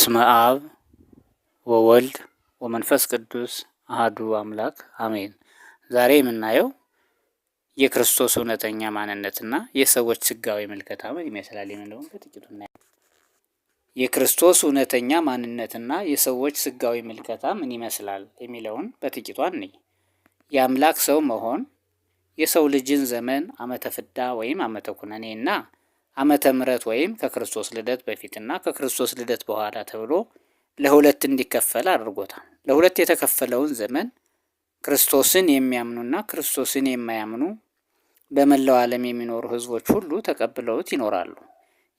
በስመ አብ ወወልድ ወመንፈስ ቅዱስ አህዱ አምላክ አሜን። ዛሬ የምናየው የክርስቶስ እውነተኛ ማንነትና የሰዎች ስጋዊ ምልከታ ምን ይመስላል የሚለውን በጥቂቱ እናያለን። የክርስቶስ እውነተኛ ማንነትና የሰዎች ስጋዊ ምልከታ ምን ይመስላል የሚለውን በጥቂቱ እንይ። የአምላክ ሰው መሆን የሰው ልጅን ዘመን ዓመተ ፍዳ ወይም ዓመተ ኩነኔ እና ዓመተ ምሕረት ወይም ከክርስቶስ ልደት በፊትና ከክርስቶስ ልደት በኋላ ተብሎ ለሁለት እንዲከፈል አድርጎታል። ለሁለት የተከፈለውን ዘመን ክርስቶስን የሚያምኑና ክርስቶስን የማያምኑ በመላው ዓለም የሚኖሩ ህዝቦች ሁሉ ተቀብለውት ይኖራሉ።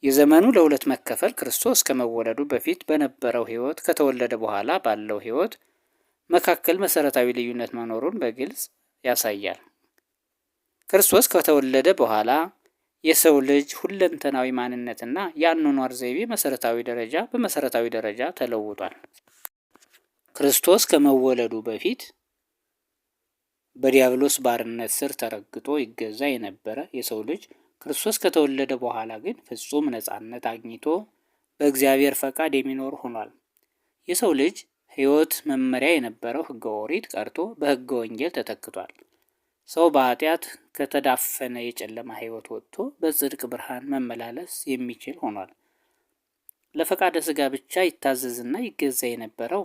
የዘመኑ ለሁለት መከፈል ክርስቶስ ከመወለዱ በፊት በነበረው ህይወት ከተወለደ በኋላ ባለው ህይወት መካከል መሰረታዊ ልዩነት መኖሩን በግልጽ ያሳያል። ክርስቶስ ከተወለደ በኋላ የሰው ልጅ ሁለንተናዊ ማንነትና የአኗኗር ዘይቤ መሰረታዊ ደረጃ በመሰረታዊ ደረጃ ተለውጧል። ክርስቶስ ከመወለዱ በፊት በዲያብሎስ ባርነት ስር ተረግጦ ይገዛ የነበረ የሰው ልጅ ክርስቶስ ከተወለደ በኋላ ግን ፍጹም ነፃነት አግኝቶ በእግዚአብሔር ፈቃድ የሚኖር ሆኗል። የሰው ልጅ ሕይወት መመሪያ የነበረው ሕገ ኦሪት ቀርቶ በሕገ ወንጌል ተተክቷል። ሰው በኃጢአት ከተዳፈነ የጨለማ ሕይወት ወጥቶ በጽድቅ ብርሃን መመላለስ የሚችል ሆኗል። ለፈቃደ ስጋ ብቻ ይታዘዝና ይገዛ የነበረው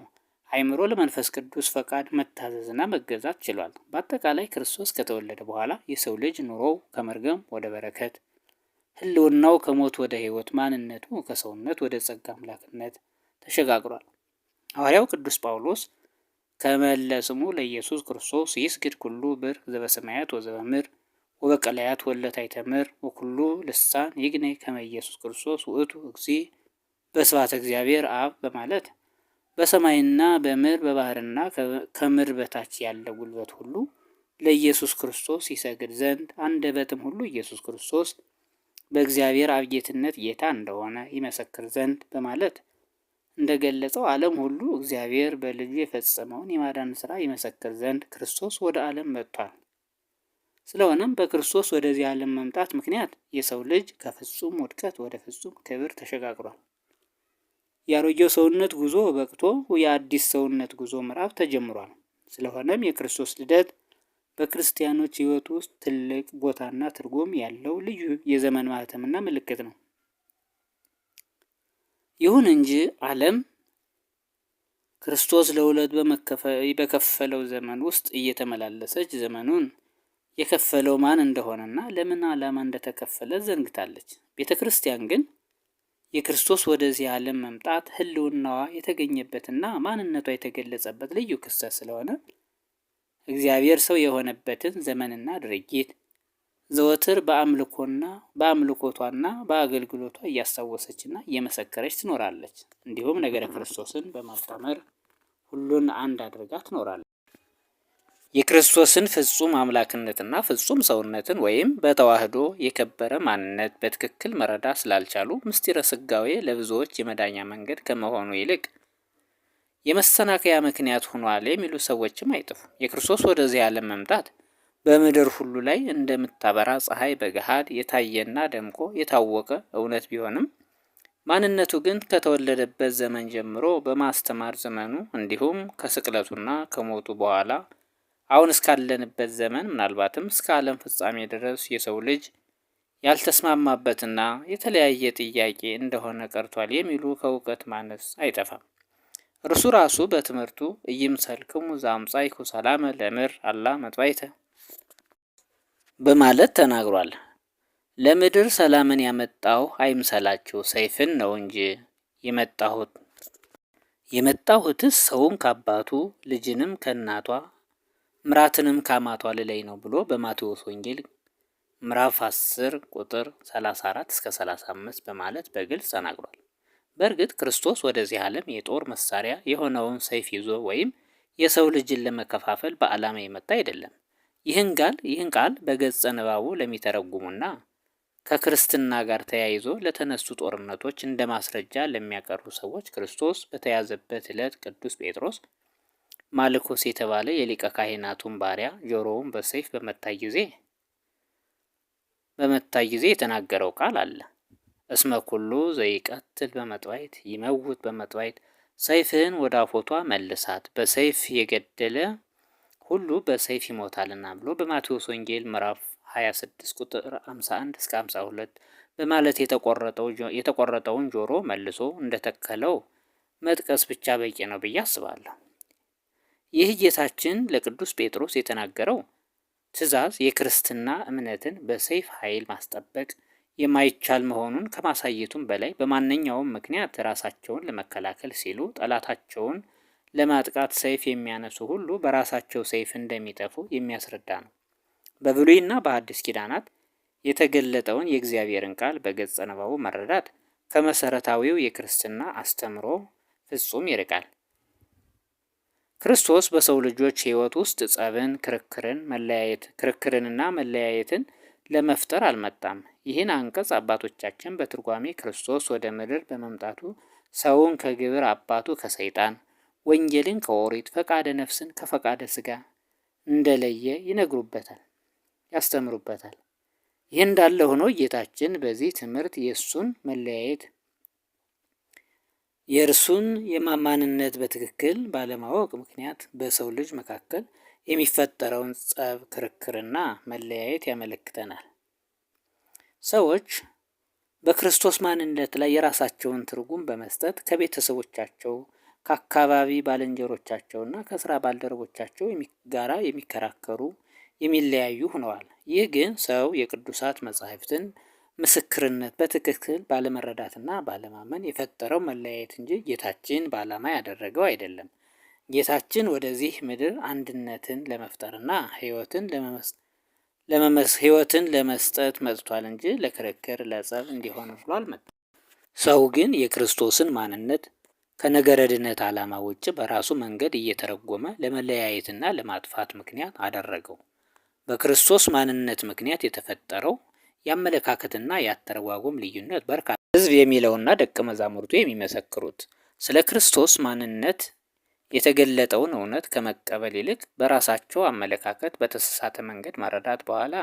አይምሮ ለመንፈስ ቅዱስ ፈቃድ መታዘዝና መገዛት ችሏል። በአጠቃላይ ክርስቶስ ከተወለደ በኋላ የሰው ልጅ ኑሮው ከመርገም ወደ በረከት፣ ህልውናው ከሞት ወደ ሕይወት፣ ማንነቱ ከሰውነት ወደ ጸጋ አምላክነት ተሸጋግሯል። ሐዋርያው ቅዱስ ጳውሎስ ከመለ ስሙ ለኢየሱስ ክርስቶስ ይስግድ ኩሉ ብር ዘበሰማያት ወዘበምር ወበቀላያት ወለታ ይተምር ወኩሉ ልሳን ይግኔ ከመ ኢየሱስ ክርስቶስ ውእቱ እግዚ በስባት እግዚአብሔር አብ በማለት በሰማይና በምር በባህርና ከምር በታች ያለ ጉልበት ሁሉ ለኢየሱስ ክርስቶስ ይሰግድ ዘንድ አንደበትም ሁሉ ኢየሱስ ክርስቶስ በእግዚአብሔር አብ ጌትነት ጌታ እንደሆነ ይመሰክር ዘንድ በማለት እንደገለጸው ዓለም ሁሉ እግዚአብሔር በልጁ የፈጸመውን የማዳን ሥራ ይመሰክር ዘንድ ክርስቶስ ወደ ዓለም መጥቷል። ስለሆነም በክርስቶስ ወደዚህ ዓለም መምጣት ምክንያት የሰው ልጅ ከፍጹም ውድቀት ወደ ፍጹም ክብር ተሸጋግሯል። ያሮጌው ሰውነት ጉዞ በቅቶ የአዲስ ሰውነት ጉዞ ምዕራፍ ተጀምሯል። ስለሆነም የክርስቶስ ልደት በክርስቲያኖች ሕይወት ውስጥ ትልቅ ቦታና ትርጉም ያለው ልዩ የዘመን ማህተምና ምልክት ነው። ይሁን እንጂ ዓለም ክርስቶስ ለሁለት በከፈለው ዘመን ውስጥ እየተመላለሰች ዘመኑን የከፈለው ማን እንደሆነና ለምን ዓላማ እንደተከፈለ ዘንግታለች። ቤተ ክርስቲያን ግን የክርስቶስ ወደዚህ ዓለም መምጣት ሕልውናዋ የተገኘበትና ማንነቷ የተገለጸበት ልዩ ክስተት ስለሆነ እግዚአብሔር ሰው የሆነበትን ዘመንና ድርጊት ዘወትር በአምልኮና በአምልኮቷና በአገልግሎቷ እያስታወሰችና እየመሰከረች ትኖራለች። እንዲሁም ነገረ ክርስቶስን በማጣመር ሁሉን አንድ አድርጋ ትኖራለች። የክርስቶስን ፍጹም አምላክነትና ፍጹም ሰውነትን ወይም በተዋህዶ የከበረ ማንነት በትክክል መረዳ ስላልቻሉ ምስጢረ ስጋዌ ለብዙዎች የመዳኛ መንገድ ከመሆኑ ይልቅ የመሰናከያ ምክንያት ሆኗል የሚሉ ሰዎችም አይጥፉ። የክርስቶስ ወደዚህ ዓለም መምጣት በምድር ሁሉ ላይ እንደምታበራ ፀሐይ በገሃድ የታየና ደምቆ የታወቀ እውነት ቢሆንም ማንነቱ ግን ከተወለደበት ዘመን ጀምሮ በማስተማር ዘመኑ እንዲሁም ከስቅለቱና ከሞቱ በኋላ አሁን እስካለንበት ዘመን ምናልባትም እስከ ዓለም ፍጻሜ ድረስ የሰው ልጅ ያልተስማማበትና የተለያየ ጥያቄ እንደሆነ ቀርቷል የሚሉ ከእውቀት ማነስ አይጠፋም። እርሱ ራሱ በትምህርቱ እይምሰልክሙ ዘአምጻኢኩ ሰላመ ለምድር አላ መጥባይተ በማለት ተናግሯል። ለምድር ሰላምን ያመጣው አይምሰላችሁ ሰይፍን ነው እንጂ የመጣሁት የመጣሁትስ ሰውን ከአባቱ ልጅንም ከእናቷ ምራትንም ከአማቷ ልለይ ነው ብሎ በማቴዎስ ወንጌል ምዕራፍ 10 ቁጥር 34 እስከ 35 በማለት በግልጽ ተናግሯል። በእርግጥ ክርስቶስ ወደዚህ ዓለም የጦር መሳሪያ የሆነውን ሰይፍ ይዞ ወይም የሰው ልጅን ለመከፋፈል በዓላማ የመጣ አይደለም። ይህን ቃል ይህን ቃል በገጸ ንባቡ ለሚተረጉሙና ከክርስትና ጋር ተያይዞ ለተነሱ ጦርነቶች እንደ ማስረጃ ለሚያቀርቡ ሰዎች ክርስቶስ በተያዘበት ዕለት ቅዱስ ጴጥሮስ ማልኮስ የተባለ የሊቀ ካህናቱን ባሪያ ጆሮውን በሰይፍ በመታ ጊዜ በመታ ጊዜ የተናገረው ቃል አለ። እስመ ኩሉ ዘይቀትል በመጥባይት ይመውት በመጥባይት ሰይፍህን ወደ አፎቷ መልሳት፣ በሰይፍ የገደለ ሁሉ በሰይፍ ይሞታልና ብሎ በማቴዎስ ወንጌል ምዕራፍ 26 ቁጥር 51 እስከ 52 በማለት የተቆረጠውን ጆሮ መልሶ እንደተከለው መጥቀስ ብቻ በቂ ነው ብዬ አስባለሁ። ይህ ጌታችን ለቅዱስ ጴጥሮስ የተናገረው ትእዛዝ የክርስትና እምነትን በሰይፍ ኃይል ማስጠበቅ የማይቻል መሆኑን ከማሳየቱም በላይ በማንኛውም ምክንያት ራሳቸውን ለመከላከል ሲሉ ጠላታቸውን ለማጥቃት ሰይፍ የሚያነሱ ሁሉ በራሳቸው ሰይፍ እንደሚጠፉ የሚያስረዳ ነው። በብሉይና በአዲስ ኪዳናት የተገለጠውን የእግዚአብሔርን ቃል በገጸ ንባቡ መረዳት ከመሰረታዊው የክርስትና አስተምሮ ፍጹም ይርቃል። ክርስቶስ በሰው ልጆች ሕይወት ውስጥ ጸብን፣ ክርክርን፣ መለያየት ክርክርንና መለያየትን ለመፍጠር አልመጣም። ይህን አንቀጽ አባቶቻችን በትርጓሜ ክርስቶስ ወደ ምድር በመምጣቱ ሰውን ከግብር አባቱ ከሰይጣን ወንጌልን ከኦሪት ፈቃደ ነፍስን ከፈቃደ ስጋ እንደለየ ይነግሩበታል፣ ያስተምሩበታል። ይህ እንዳለ ሆኖ ጌታችን በዚህ ትምህርት የእሱን መለያየት የእርሱን የማማንነት በትክክል ባለማወቅ ምክንያት በሰው ልጅ መካከል የሚፈጠረውን ጸብ፣ ክርክርና መለያየት ያመለክተናል። ሰዎች በክርስቶስ ማንነት ላይ የራሳቸውን ትርጉም በመስጠት ከቤተሰቦቻቸው ከአካባቢ ባልንጀሮቻቸውና ከስራ ባልደረቦቻቸው ጋራ የሚከራከሩ የሚለያዩ ሆነዋል። ይህ ግን ሰው የቅዱሳት መጻሕፍትን ምስክርነት በትክክል ባለመረዳትና ባለማመን የፈጠረው መለያየት እንጂ ጌታችን በዓላማ ያደረገው አይደለም። ጌታችን ወደዚህ ምድር አንድነትን ለመፍጠርና ሕይወትን ህይወትን ለመስጠት መጥቷል እንጂ ለክርክር፣ ለጸብ እንዲሆን ብሎ አልመጣም። ሰው ግን የክርስቶስን ማንነት ከነገረ ድነት ዓላማ ውጭ በራሱ መንገድ እየተረጎመ ለመለያየትና ለማጥፋት ምክንያት አደረገው። በክርስቶስ ማንነት ምክንያት የተፈጠረው የአመለካከትና የአተረጓጎም ልዩነት በርካታ ሕዝብ የሚለውና ደቀ መዛሙርቱ የሚመሰክሩት ስለ ክርስቶስ ማንነት የተገለጠውን እውነት ከመቀበል ይልቅ በራሳቸው አመለካከት በተሳሳተ መንገድ መረዳት በኋላ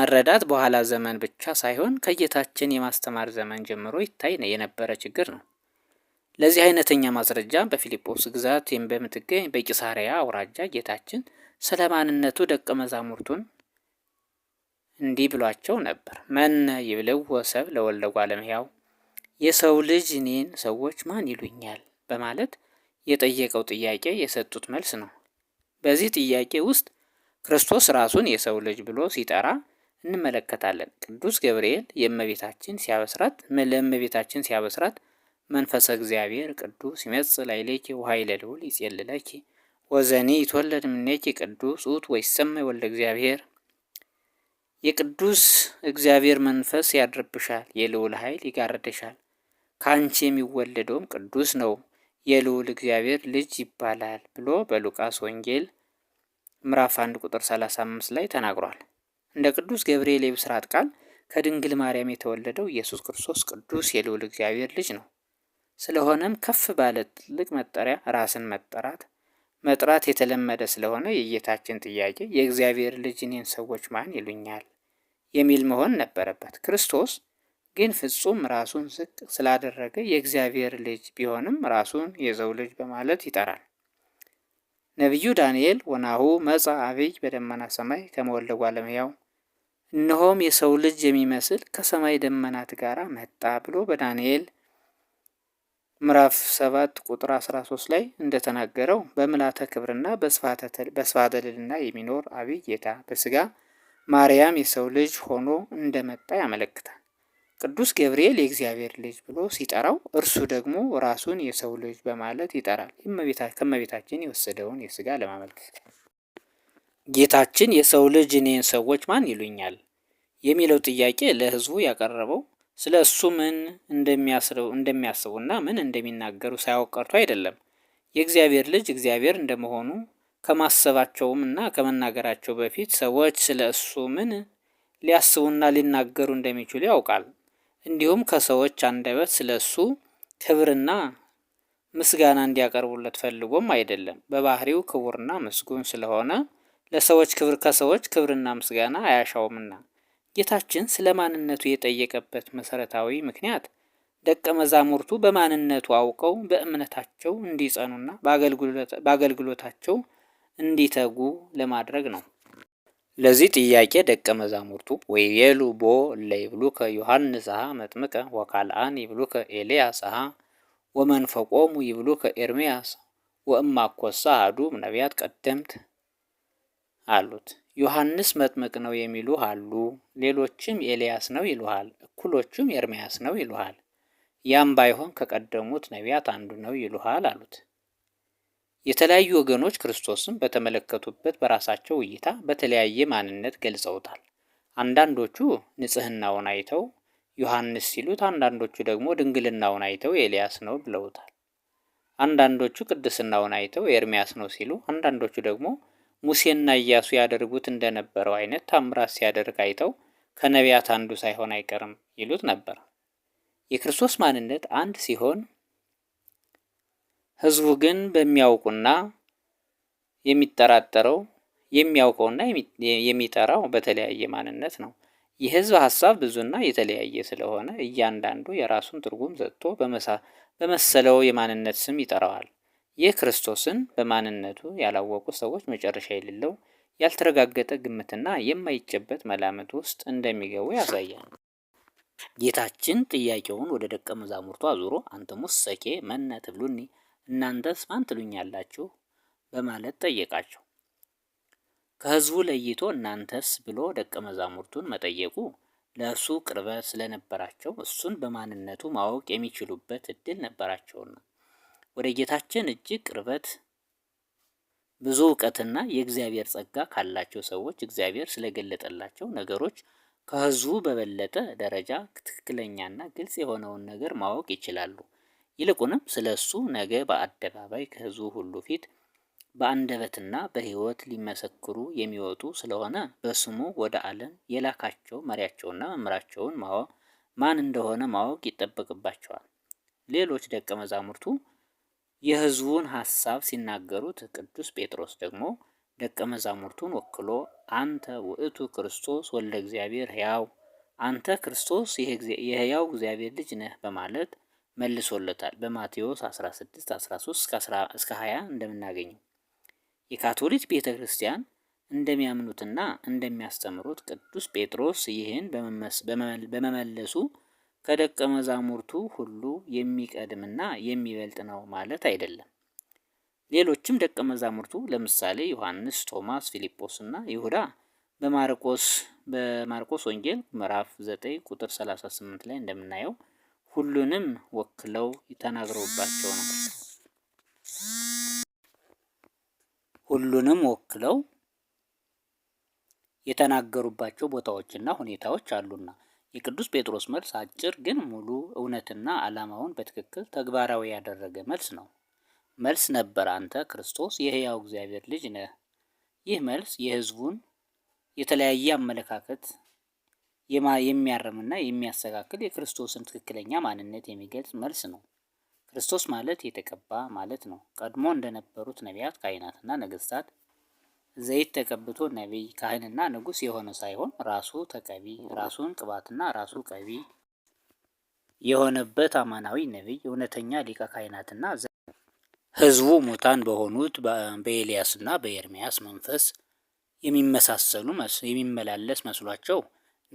መረዳት በኋላ ዘመን ብቻ ሳይሆን ከጌታችን የማስተማር ዘመን ጀምሮ ይታይ የነበረ ችግር ነው። ለዚህ አይነተኛ ማስረጃ በፊልጶስ ግዛት በምትገኝ በቂሳሪያ አውራጃ ጌታችን ስለ ማንነቱ ደቀ መዛሙርቱን እንዲህ ብሏቸው ነበር። መነ ይብልው ወሰብ ለወለጉ እጓለ እመሕያው፣ የሰው ልጅ እኔን ሰዎች ማን ይሉኛል በማለት የጠየቀው ጥያቄ የሰጡት መልስ ነው። በዚህ ጥያቄ ውስጥ ክርስቶስ ራሱን የሰው ልጅ ብሎ ሲጠራ እንመለከታለን። ቅዱስ ገብርኤል የእመቤታችን ሲያበስራት ለእመቤታችን ሲያበስራት መንፈሰ እግዚአብሔር ቅዱስ ይመጽእ ላዕሌኪ ወኃይለ ልዑል ይጼልለኪ ወዘኒ ይትወለድ እምኔኪ ቅዱስ ውእቱ ወይሰመይ ወልደ እግዚአብሔር። የቅዱስ እግዚአብሔር መንፈስ ያድርብሻል፣ የልዑል ኃይል ይጋርድሻል። ከአንቺ የሚወለደውም ቅዱስ ነው፣ የልዑል እግዚአብሔር ልጅ ይባላል ብሎ በሉቃስ ወንጌል ምዕራፍ 1 ቁጥር 35 ላይ ተናግሯል። እንደ ቅዱስ ገብርኤል የብስራት ቃል ከድንግል ማርያም የተወለደው ኢየሱስ ክርስቶስ ቅዱስ የልዑል እግዚአብሔር ልጅ ነው። ስለሆነም ከፍ ባለ ትልቅ መጠሪያ ራስን መጠራት መጥራት የተለመደ ስለሆነ የጌታችን ጥያቄ የእግዚአብሔር ልጅ እኔን ሰዎች ማን ይሉኛል የሚል መሆን ነበረበት። ክርስቶስ ግን ፍጹም ራሱን ዝቅ ስላደረገ የእግዚአብሔር ልጅ ቢሆንም ራሱን የሰው ልጅ በማለት ይጠራል። ነቢዩ ዳንኤል ወናሁ መጻ አብይ በደመና ሰማይ ከመወለጓ ለመያው እነሆም የሰው ልጅ የሚመስል ከሰማይ ደመናት ጋር መጣ ብሎ በዳንኤል ምዕራፍ ሰባት ቁጥር 13 ላይ እንደተናገረው በምላተ ክብርና በስፋተ ልዕልና የሚኖር አብይ ጌታ በስጋ ማርያም የሰው ልጅ ሆኖ እንደመጣ ያመለክታል። ቅዱስ ገብርኤል የእግዚአብሔር ልጅ ብሎ ሲጠራው እርሱ ደግሞ ራሱን የሰው ልጅ በማለት ይጠራል። ከእመቤታችን የወሰደውን የስጋ ለማመልከት ጌታችን የሰው ልጅ እኔን ሰዎች ማን ይሉኛል የሚለው ጥያቄ ለሕዝቡ ያቀረበው ስለ እሱ ምን እንደሚያስረው እንደሚያስቡና ምን እንደሚናገሩ ሳያውቅ ቀርቶ አይደለም። የእግዚአብሔር ልጅ እግዚአብሔር እንደመሆኑ ከማሰባቸውም እና ከመናገራቸው በፊት ሰዎች ስለ እሱ ምን ሊያስቡና ሊናገሩ እንደሚችሉ ያውቃል። እንዲሁም ከሰዎች አንደበት ስለ እሱ ክብርና ምስጋና እንዲያቀርቡለት ፈልጎም አይደለም። በባህሪው ክቡርና ምስጉን ስለሆነ ለሰዎች ክብር ከሰዎች ክብርና ምስጋና አያሻውምና ጌታችን ስለ ማንነቱ የጠየቀበት መሰረታዊ ምክንያት ደቀ መዛሙርቱ በማንነቱ አውቀው በእምነታቸው እንዲጸኑና በአገልግሎታቸው እንዲተጉ ለማድረግ ነው። ለዚህ ጥያቄ ደቀ መዛሙርቱ ወይቤሉ ቦ ለይብሉከ ዮሐንስ ሀ መጥምቀ ወካልአን ይብሉከ ኤልያስ ሀ ወመንፈቆሙ ይብሉከ ኤርምያስ ወእማኮሳ አዱም ነቢያት ቀደምት አሉት። ዮሐንስ መጥምቅ ነው የሚሉ አሉ። ሌሎችም ኤልያስ ነው ይሉሃል፣ እኩሎቹም ኤርምያስ ነው ይሉሃል፣ ያም ባይሆን ከቀደሙት ነቢያት አንዱ ነው ይሉሃል አሉት። የተለያዩ ወገኖች ክርስቶስን በተመለከቱበት በራሳቸው እይታ በተለያየ ማንነት ገልጸውታል። አንዳንዶቹ ንጽህናውን አይተው ዮሐንስ ሲሉት፣ አንዳንዶቹ ደግሞ ድንግልናውን አይተው ኤልያስ ነው ብለውታል። አንዳንዶቹ ቅድስናውን አይተው ኤርምያስ ነው ሲሉ፣ አንዳንዶቹ ደግሞ ሙሴና ኢያሱ ያደርጉት እንደነበረው አይነት ታምራት ሲያደርግ አይተው ከነቢያት አንዱ ሳይሆን አይቀርም ይሉት ነበር። የክርስቶስ ማንነት አንድ ሲሆን ህዝቡ ግን በሚያውቁና የሚጠራጠረው የሚያውቀውና የሚጠራው በተለያየ ማንነት ነው። የህዝብ ሀሳብ ብዙና የተለያየ ስለሆነ እያንዳንዱ የራሱን ትርጉም ሰጥቶ በመሰለው የማንነት ስም ይጠራዋል። ይህ ክርስቶስን በማንነቱ ያላወቁ ሰዎች መጨረሻ የሌለው ያልተረጋገጠ ግምትና የማይጨበት መላምት ውስጥ እንደሚገቡ ያሳያል። ጌታችን ጥያቄውን ወደ ደቀ መዛሙርቱ አዙሮ አንተ ሰኬ መነ ትብሉኒ፣ እናንተስ ማን ትሉኛላችሁ በማለት ጠየቃቸው። ከህዝቡ ለይቶ እናንተስ ብሎ ደቀ መዛሙርቱን መጠየቁ ለእርሱ ቅርበት ስለነበራቸው እሱን በማንነቱ ማወቅ የሚችሉበት እድል ነበራቸውና ወደ ጌታችን እጅግ ቅርበት ብዙ እውቀትና የእግዚአብሔር ጸጋ ካላቸው ሰዎች እግዚአብሔር ስለገለጠላቸው ነገሮች ከህዝቡ በበለጠ ደረጃ ትክክለኛና ግልጽ የሆነውን ነገር ማወቅ ይችላሉ። ይልቁንም ስለ እሱ ነገ በአደባባይ ከህዝቡ ሁሉ ፊት በአንደበትና በህይወት ሊመሰክሩ የሚወጡ ስለሆነ በስሙ ወደ ዓለም የላካቸው መሪያቸውና መምህራቸውን ማወቅ ማን እንደሆነ ማወቅ ይጠበቅባቸዋል። ሌሎች ደቀ መዛሙርቱ የህዝቡን ሐሳብ ሲናገሩት ቅዱስ ጴጥሮስ ደግሞ ደቀ መዛሙርቱን ወክሎ አንተ ውእቱ ክርስቶስ ወልደ እግዚአብሔር ሕያው አንተ ክርስቶስ የሕያው እግዚአብሔር ልጅ ነህ በማለት መልሶለታል። በማቴዎስ 16 13 እስከ 20 እንደምናገኘው የካቶሊክ ቤተ ክርስቲያን እንደሚያምኑትና እንደሚያስተምሩት ቅዱስ ጴጥሮስ ይህን በመመለሱ ከደቀ መዛሙርቱ ሁሉ የሚቀድምና የሚበልጥ ነው ማለት አይደለም። ሌሎችም ደቀ መዛሙርቱ ለምሳሌ ዮሐንስ፣ ቶማስ፣ ፊልጶስ እና ይሁዳ በማርቆስ በማርቆስ ወንጌል ምዕራፍ 9 ቁጥር 38 ላይ እንደምናየው ሁሉንም ወክለው ተናግረውባቸው ነው ሁሉንም ወክለው የተናገሩባቸው ቦታዎችና ሁኔታዎች አሉና የቅዱስ ጴጥሮስ መልስ አጭር ግን ሙሉ እውነትና ዓላማውን በትክክል ተግባራዊ ያደረገ መልስ ነው። መልስ ነበር፣ አንተ ክርስቶስ የሕያው እግዚአብሔር ልጅ ነህ። ይህ መልስ የሕዝቡን የተለያየ አመለካከት የሚያርምና የሚያስተካክል የክርስቶስን ትክክለኛ ማንነት የሚገልጽ መልስ ነው። ክርስቶስ ማለት የተቀባ ማለት ነው። ቀድሞ እንደነበሩት ነቢያት፣ ካህናትና ነገስታት። ዘይት ተቀብቶ ነቢይ ካህንና ንጉስ የሆነ ሳይሆን ራሱ ተቀቢ ራሱን ቅባትና ራሱ ቀቢ የሆነበት አማናዊ ነቢይ እውነተኛ ሊቀ ካህናትና ህዝቡ ሙታን በሆኑት በኤልያስና በኤርሚያስ መንፈስ የሚመሳሰሉ የሚመላለስ መስሏቸው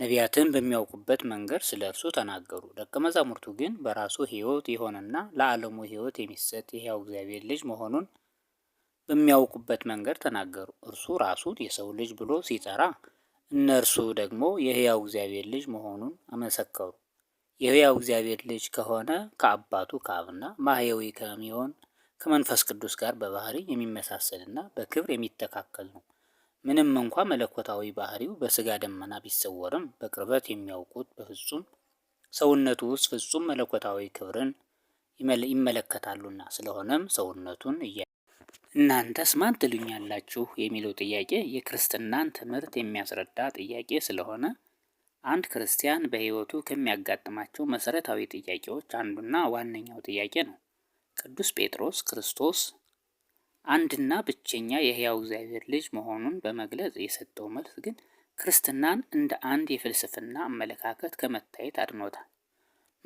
ነቢያትን በሚያውቁበት መንገድ ስለ እርሱ ተናገሩ። ደቀ መዛሙርቱ ግን በራሱ ህይወት የሆነና ለዓለሙ ህይወት የሚሰጥ የሕያው እግዚአብሔር ልጅ መሆኑን በሚያውቁበት መንገድ ተናገሩ። እርሱ ራሱን የሰው ልጅ ብሎ ሲጠራ፣ እነርሱ ደግሞ የሕያው እግዚአብሔር ልጅ መሆኑን አመሰከሩ። የሕያው እግዚአብሔር ልጅ ከሆነ ከአባቱ ከአብና ማህያዊ ከሚሆን ከመንፈስ ቅዱስ ጋር በባህሪ የሚመሳሰልና በክብር የሚተካከል ነው። ምንም እንኳ መለኮታዊ ባህሪው በስጋ ደመና ቢሰወርም በቅርበት የሚያውቁት በፍጹም ሰውነቱ ውስጥ ፍጹም መለኮታዊ ክብርን ይመለከታሉና። ስለሆነም ሰውነቱን እያ እናንተስ ማን ትሉኛላችሁ የሚለው ጥያቄ የክርስትናን ትምህርት የሚያስረዳ ጥያቄ ስለሆነ አንድ ክርስቲያን በሕይወቱ ከሚያጋጥማቸው መሰረታዊ ጥያቄዎች አንዱና ዋነኛው ጥያቄ ነው። ቅዱስ ጴጥሮስ ክርስቶስ አንድና ብቸኛ የሕያው እግዚአብሔር ልጅ መሆኑን በመግለጽ የሰጠው መልስ ግን ክርስትናን እንደ አንድ የፍልስፍና አመለካከት ከመታየት አድኖታል።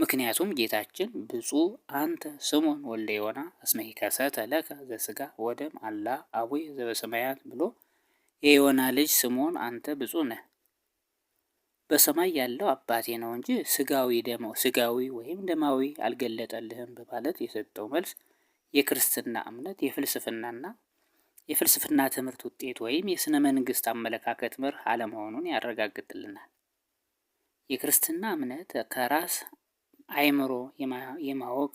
ምክንያቱም ጌታችን ብፁዕ አንተ ስሙን ወልደ ዮና እስመ ኢከሰተ ለከ ዘሥጋ ወደም አላ አቡየ ዘበሰማያት ብሎ የዮና ልጅ ስምዖን አንተ ብፁዕ ነህ፣ በሰማይ ያለው አባቴ ነው እንጂ ስጋዊ ደሞ ስጋዊ ወይም ደማዊ አልገለጠልህም በማለት የሰጠው መልስ የክርስትና እምነት የፍልስፍናና የፍልስፍና ትምህርት ውጤት ወይም የሥነ መንግሥት አመለካከት መርህ አለመሆኑን ያረጋግጥልናል። የክርስትና እምነት ከራስ አይምሮ የማወቅ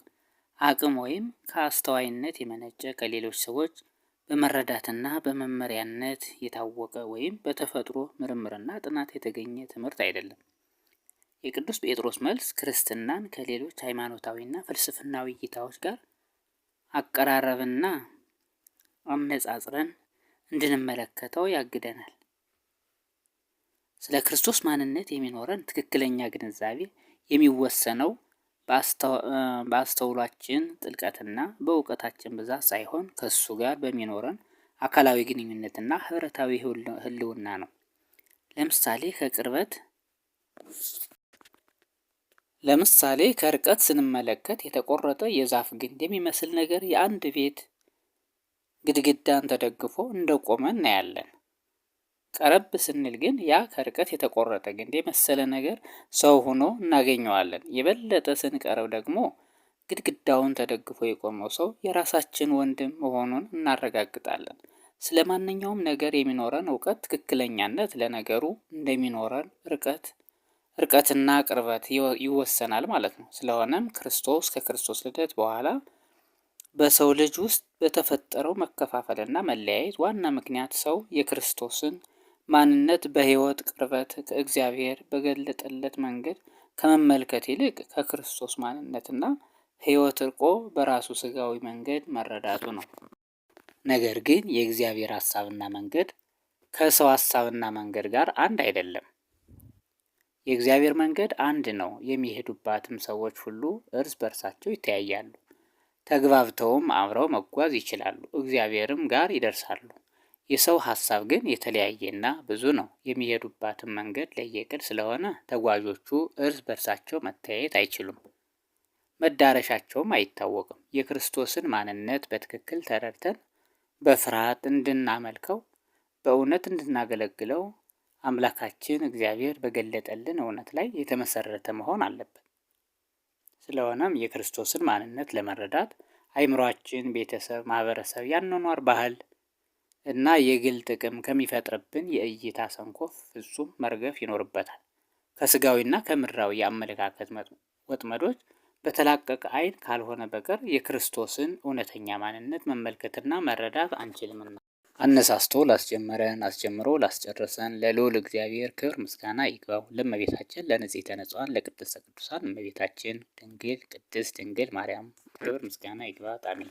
አቅም ወይም ከአስተዋይነት የመነጨ ከሌሎች ሰዎች በመረዳትና በመመሪያነት የታወቀ ወይም በተፈጥሮ ምርምርና ጥናት የተገኘ ትምህርት አይደለም። የቅዱስ ጴጥሮስ መልስ ክርስትናን ከሌሎች ሃይማኖታዊና ፍልስፍናዊ እይታዎች ጋር አቀራረብና አመጻጽረን እንድንመለከተው ያግደናል። ስለ ክርስቶስ ማንነት የሚኖረን ትክክለኛ ግንዛቤ የሚወሰነው በአስተውሏችን ጥልቀትና በእውቀታችን ብዛት ሳይሆን ከእሱ ጋር በሚኖረን አካላዊ ግንኙነትና ህብረታዊ ህልውና ነው። ለምሳሌ ከቅርበት ለምሳሌ ከርቀት ስንመለከት የተቆረጠ የዛፍ ግንድ የሚመስል ነገር የአንድ ቤት ግድግዳን ተደግፎ እንደቆመ እናያለን። ቀረብ ስንል ግን ያ ከርቀት የተቆረጠ ግንድ የመሰለ ነገር ሰው ሆኖ እናገኘዋለን። የበለጠ ስንቀረብ ደግሞ ግድግዳውን ተደግፎ የቆመው ሰው የራሳችን ወንድም መሆኑን እናረጋግጣለን። ስለ ማንኛውም ነገር የሚኖረን እውቀት ትክክለኛነት ለነገሩ እንደሚኖረን ርቀት ርቀትና ቅርበት ይወሰናል ማለት ነው። ስለሆነም ክርስቶስ ከክርስቶስ ልደት በኋላ በሰው ልጅ ውስጥ በተፈጠረው መከፋፈልና መለያየት ዋና ምክንያት ሰው የክርስቶስን ማንነት በህይወት ቅርበት ከእግዚአብሔር በገለጠለት መንገድ ከመመልከት ይልቅ ከክርስቶስ ማንነትና ህይወት እርቆ በራሱ ስጋዊ መንገድ መረዳቱ ነው። ነገር ግን የእግዚአብሔር ሀሳብና መንገድ ከሰው ሀሳብና መንገድ ጋር አንድ አይደለም። የእግዚአብሔር መንገድ አንድ ነው። የሚሄዱባትም ሰዎች ሁሉ እርስ በርሳቸው ይተያያሉ፣ ተግባብተውም አብረው መጓዝ ይችላሉ፣ እግዚአብሔርም ጋር ይደርሳሉ። የሰው ሀሳብ ግን የተለያየና ብዙ ነው። የሚሄዱባትን መንገድ ለየቅል ስለሆነ ተጓዦቹ እርስ በርሳቸው መተያየት አይችሉም፣ መዳረሻቸውም አይታወቅም። የክርስቶስን ማንነት በትክክል ተረድተን በፍርሃት እንድናመልከው በእውነት እንድናገለግለው አምላካችን እግዚአብሔር በገለጠልን እውነት ላይ የተመሰረተ መሆን አለበት። ስለሆነም የክርስቶስን ማንነት ለመረዳት አይምሯችን ቤተሰብ፣ ማህበረሰብ፣ ያኗኗር ባህል እና የግል ጥቅም ከሚፈጥርብን የእይታ ሰንኮፍ ፍጹም መርገፍ ይኖርበታል። ከስጋዊና ከምድራዊ የአመለካከት ወጥመዶች በተላቀቀ አይን ካልሆነ በቀር የክርስቶስን እውነተኛ ማንነት መመልከትና መረዳት አንችልምና። አነሳስቶ ላስጀመረን አስጀምሮ ላስጨረሰን ለልዑል እግዚአብሔር ክብር ምስጋና ይግባው። ለእመቤታችን ለንጽሕተ ንጹሐን ለቅድስተ ቅዱሳን እመቤታችን ድንግል ቅድስት ድንግል ማርያም ክብር ምስጋና ይግባት። አሜን።